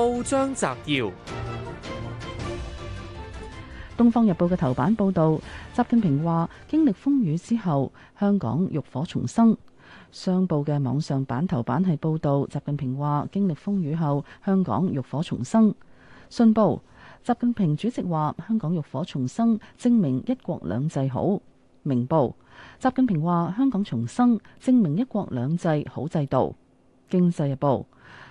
報章摘要：《東方日報》嘅頭版報道，習近平話經歷風雨之後，香港浴火重生。《商報》嘅網上版頭版係報道，習近平話經歷風雨後，香港浴火重生。《信報》：習近平主席話香港浴火重生，證明一國兩制好。《明報》：習近平話香港重生，證明一國兩制好制度。《經濟日報》。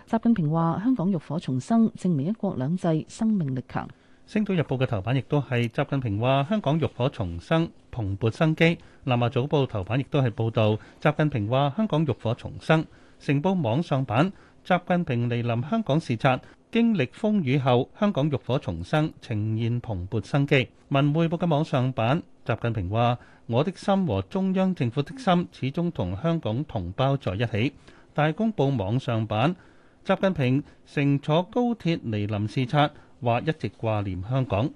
習近平話：香港浴火重生，證明一國兩制生命力強。星島日報嘅頭版亦都係習近平話：香港浴火重生，蓬勃生機。南華早報頭版亦都係報導習近平話：香港浴火重生。成報網上版：習近平嚟臨香港視察，經歷風雨後，香港浴火重生，呈現蓬勃生機。文匯報嘅網上版：習近平話：我的心和中央政府的心，始終同香港同胞在一起。大公報網上版。習近平乘坐高鐵嚟臨視察，話一直掛念香港。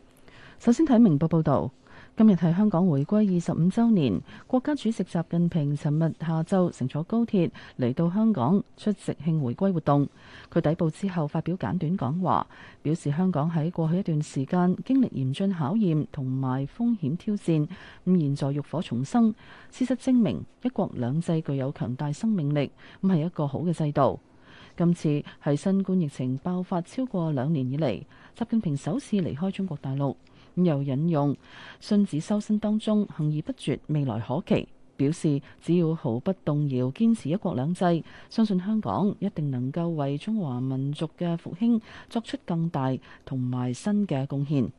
首先睇明報報道，今日係香港回歸二十五周年，國家主席習近平尋日下晝乘坐高鐵嚟到香港出席慶回歸活動。佢抵埗之後發表簡短講話，表示香港喺過去一段時間經歷嚴峻考驗同埋風險挑戰，咁現在浴火重生。事實證明，一國兩制具有強大生命力，咁係一個好嘅制度。今次係新冠疫情爆發超過兩年以嚟，習近平首次離開中國大陸。又引用「荀子修身當中，行而不絕，未來可期」，表示只要毫不動搖堅持一國兩制，相信香港一定能夠為中華民族嘅復興作出更大同埋新嘅貢獻。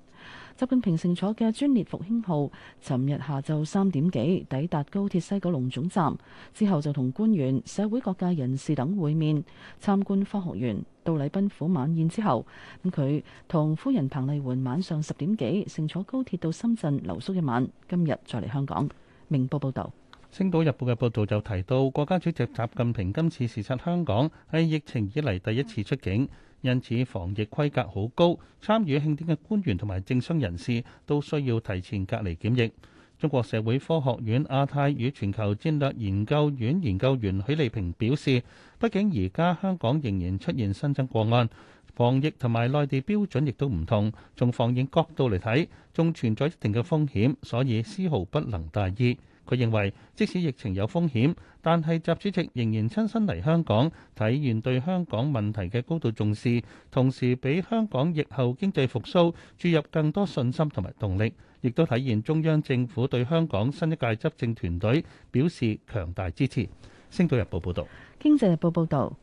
習近平乘坐嘅專列復興號，尋日下晝三點幾抵達高鐵西九龍總站，之後就同官員、社會各界人士等會面、參觀科學園，到禮賓府晚宴之後，咁佢同夫人彭麗媛晚上十點幾乘坐高鐵到深圳留宿一晚，今日再嚟香港。明報報道。《星島日報》嘅報導就提到，國家主席習近平今次視察香港係疫情以嚟第一次出境，因此防疫規格好高。參與慶典嘅官員同埋政商人士都需要提前隔離檢疫。中國社會科學院亞太與全球戰略研究院研究員許利平表示，畢竟而家香港仍然出現新增個案，防疫同埋內地標準亦都唔同，從防疫角度嚟睇，仲存在一定嘅風險，所以絲毫不能大意。佢認為，即使疫情有風險，但係習主席仍然親身嚟香港，體現對香港問題嘅高度重視，同時俾香港疫後經濟復甦注入更多信心同埋動力，亦都體現中央政府對香港新一屆執政團隊表示強大支持。星島日報報導，經濟日報報導，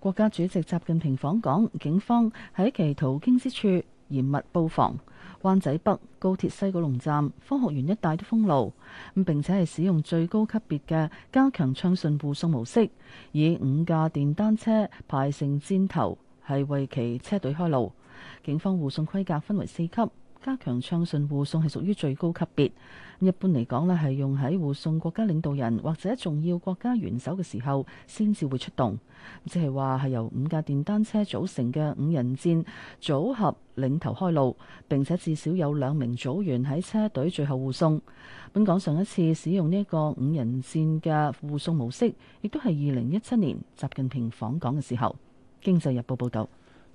國家主席習近平訪港，警方喺其途經之處嚴密布防。灣仔北高鐵西九龍站、科學園一帶的封路咁，並且係使用最高級別嘅加強暢順護送模式，以五架電單車排成箭頭，係為其車隊開路。警方護送規格分為四級。加強暢順護送係屬於最高級別，一般嚟講咧係用喺護送國家領導人或者重要國家元首嘅時候先至會出動，即係話係由五架電單車組成嘅五人戰組合領頭開路，並且至少有兩名組員喺車隊最後護送。本港上一次使用呢一個五人戰嘅護送模式，亦都係二零一七年習近平訪港嘅時候。經濟日報報導。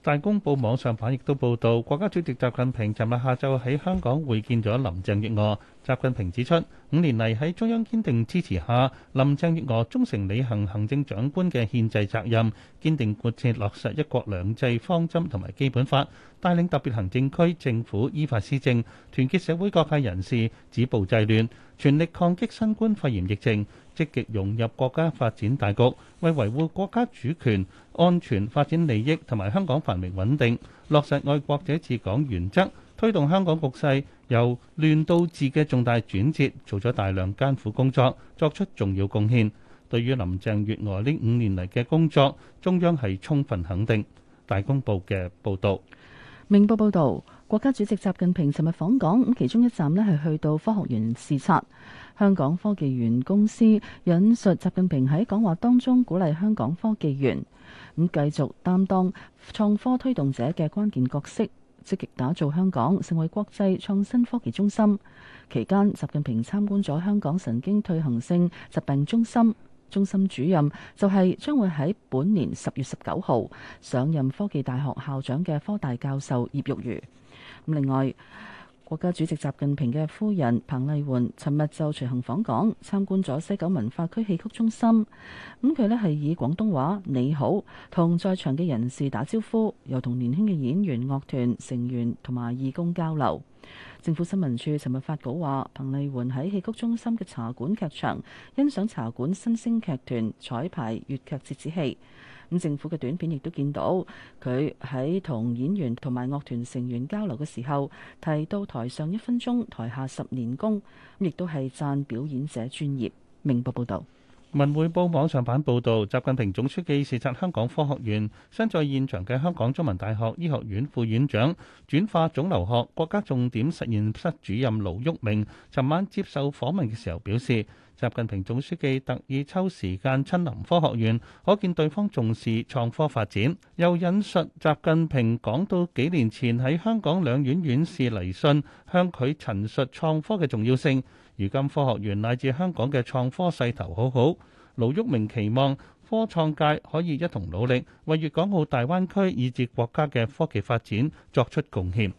大公報網上版亦都報道，國家主席習近平尋日下晝喺香港會見咗林鄭月娥。習近平指出，五年嚟喺中央堅定支持下，林鄭月娥忠誠履行行政長官嘅憲制責任，堅定貫徹落實一國兩制方針同埋基本法，帶領特別行政區政府依法施政，團結社會各界人士，止暴制亂，全力抗擊新冠肺炎疫情，積極融入國家發展大局，為維護國家主權、安全、發展利益同埋香港繁榮穩定，落實愛國者治港原則，推動香港局勢由亂到治嘅重大轉折，做咗大量艱苦工作，作出重要貢獻。對於林鄭月娥呢五年嚟嘅工作，中央係充分肯定。大公報嘅報導，明報報導。國家主席習近平尋日訪港，其中一站呢係去到科學園視察香港科技園公司。引述習近平喺講話當中鼓勵香港科技園咁繼續擔當創科推動者嘅關鍵角色，積極打造香港成為國際創新科技中心。期間，習近平參觀咗香港神經退行性疾病中心，中心主任就係將會喺本年十月十九號上任科技大學校長嘅科大教授葉玉如。另外，國家主席習近平嘅夫人彭麗媛尋日就隨行訪港，參觀咗西九文化區戲曲中心。咁佢咧係以廣東話你好，同在場嘅人士打招呼，又同年輕嘅演員樂團成員同埋義工交流。政府新聞處尋日發稿話，彭麗媛喺戲曲中心嘅茶館劇場欣賞茶館新星劇團彩排粵劇折子戲。咁政府嘅短片亦都見到佢喺同演員同埋樂團成員交流嘅時候，提到台上一分鐘，台下十年功，亦都係讚表演者專業。明報報道。文匯報網上版報道，習近平總書記視察香港科學院，身在現場嘅香港中文大學醫學院副院長、轉化腫瘤學國家重點實驗室主任盧煜明，尋晚接受訪問嘅時候表示，習近平總書記特意抽時間親臨科學院，可見對方重視創科發展。又引述習近平講到幾年前喺香港兩院院士嚟信，向佢陳述創科嘅重要性。如今科學園乃至香港嘅創科勢頭好好，盧煜明期望科創界可以一同努力，為粵港澳大灣區以至國家嘅科技發展作出貢獻。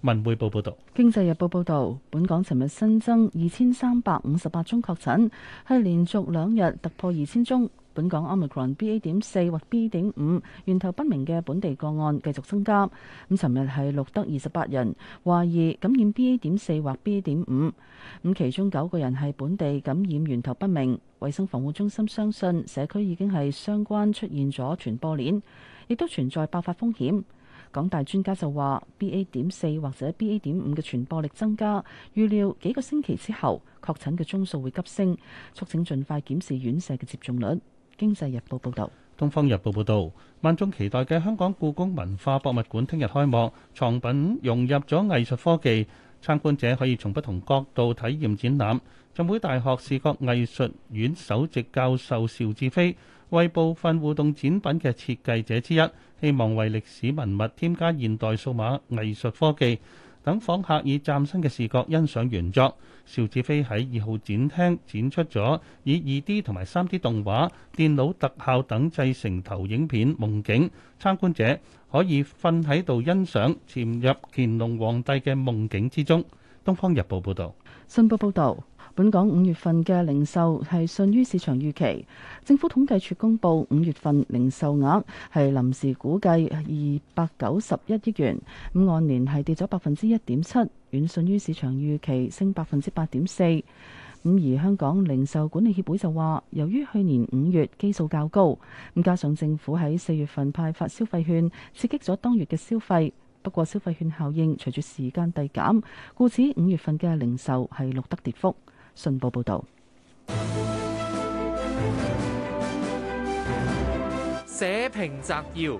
文匯報報道。經濟日報報道，本港尋日新增二千三百五十八宗確診，係連續兩日突破二千宗。本港 Omicron B A. 點四或 B A. 點五源頭不明嘅本地個案繼續增加，咁尋日係錄得二十八人懷疑感染 B A. 點四或 B A. 點五，咁其中九個人係本地感染源頭不明。衛生防護中心相信社區已經係相關出現咗傳播鏈，亦都存在爆發風險。港大專家就話，B A. 點四或者 B A. 點五嘅傳播力增加，預料幾個星期之後確診嘅宗數會急升，促請盡快檢視院舍嘅接種率。經濟日報報導，東方日報報導，萬眾期待嘅香港故宮文化博物館聽日開幕，藏品融入咗藝術科技，參觀者可以從不同角度體驗展覽。浸會大學視覺藝術院首席教授邵志飛為部分互動展品嘅設計者之一，希望為歷史文物添加現代數碼藝術科技。等訪客以嶄新嘅視覺欣賞原作。邵志飛喺二號展廳展出咗以二 D 同埋三 D 動畫、電腦特效等製成投影片夢境，參觀者可以瞓喺度欣賞潛入乾隆皇帝嘅夢境之中。《東方日報》報道。新報報導。本港五月份嘅零售係遜於市場預期，政府統計處公布五月份零售額係臨時估計二百九十一億元，咁按年係跌咗百分之一點七，遠遜於市場預期，升百分之八點四。咁而香港零售管理協會就話，由於去年五月基數較高，咁加上政府喺四月份派發消費券，刺激咗當月嘅消費，不過消費券效應隨住時間遞減，故此五月份嘅零售係錄得跌幅。信報報道，社評摘要：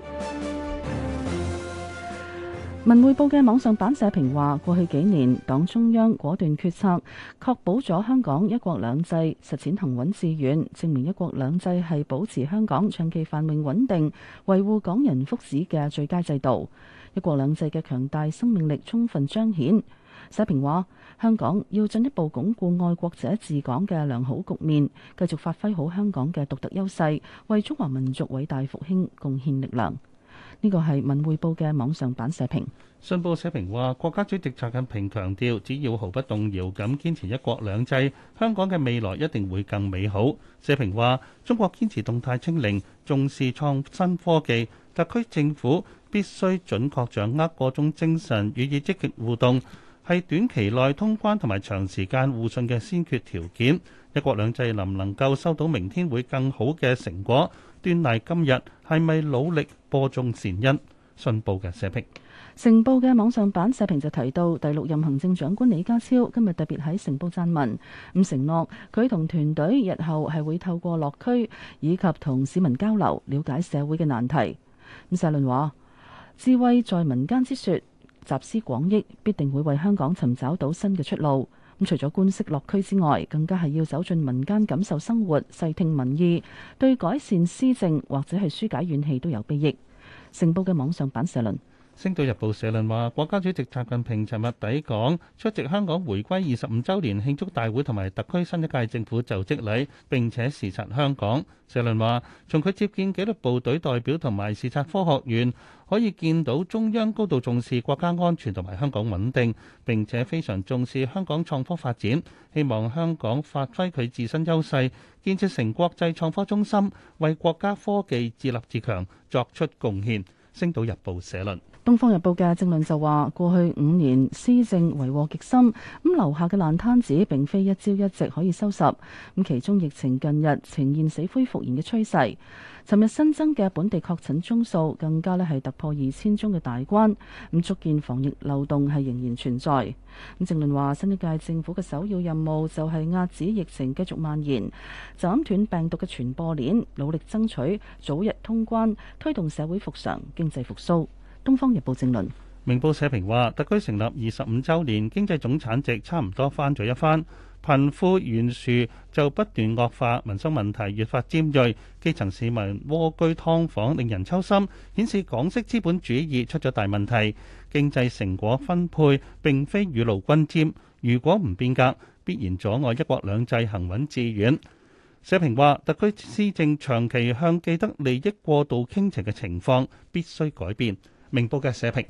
文匯報嘅網上版社評話，過去幾年，黨中央果斷決策，確保咗香港一國兩制實踐行穩致遠，證明一國兩制係保持香港長期繁榮穩定、維護港人福祉嘅最佳制度。一國兩制嘅強大生命力充分彰顯。社評話：香港要進一步鞏固愛國者治港嘅良好局面，繼續發揮好香港嘅獨特優勢，為中華民族偉大復興貢獻力量。呢個係文匯報嘅網上版社評。信報社評話：國家主席習近平強調，只要毫不動搖咁堅持一國兩制，香港嘅未來一定會更美好。社評話：中國堅持動態清零，重視創新科技，特區政府必須準確掌握各種精神，予以積極互動。係短期內通關同埋長時間互信嘅先決條件。一國兩制能唔能夠收到明天會更好嘅成果，端賴今日係咪努力播種善因。信報嘅社評，成報嘅網上版社評就提到，第六任行政長官李家超今日特別喺成報撰文，咁承諾佢同團隊日後係會透過落區以及同市民交流，了解社會嘅難題。咁社論話：智慧在民間之説。集思廣益，必定會為香港尋找到新嘅出路。咁除咗官式落區之外，更加係要走進民間，感受生活，細聽民意，對改善施政或者係紓解怨氣都有裨益。成報嘅網上版社論。《星島日報》社論話，國家主席習近平尋日抵港出席香港回歸二十五周年慶祝大會同埋特區新一屆政府就職禮，並且視察香港。社論話，從佢接見紀律部隊代表同埋視察科學院，可以見到中央高度重視國家安全同埋香港穩定，並且非常重視香港創科發展，希望香港發揮佢自身優勢，建設成國際創科中心，為國家科技自立自強作出貢獻。《星島日報》社論，《東方日報》嘅政論就話：過去五年施政遺禍極深，咁留下嘅爛攤子並非一朝一夕可以收拾。咁其中疫情近日呈現死灰復燃嘅趨勢。尋日新增嘅本地確診宗數更加咧係突破二千宗嘅大關，咁足見防疫漏洞係仍然存在。咁正論話，新一屆政府嘅首要任務就係壓止疫情繼續蔓延，斬斷病毒嘅傳播鏈，努力爭取早日通關，推動社會復常、經濟復甦。《東方日報》正論。明報社評話，特區成立二十五週年，經濟總產值差唔多翻咗一番。貧富懸殊就不斷惡化，民生問題越發尖鋭，基層市民蝸居劏房令人揪心，顯示港式資本主義出咗大問題。經濟成果分配並非雨露均沾，如果唔變革，必然阻礙一國兩制行穩致遠。社評話，特區施政長期向既得利益過度傾斜嘅情況必須改變。明報嘅社評。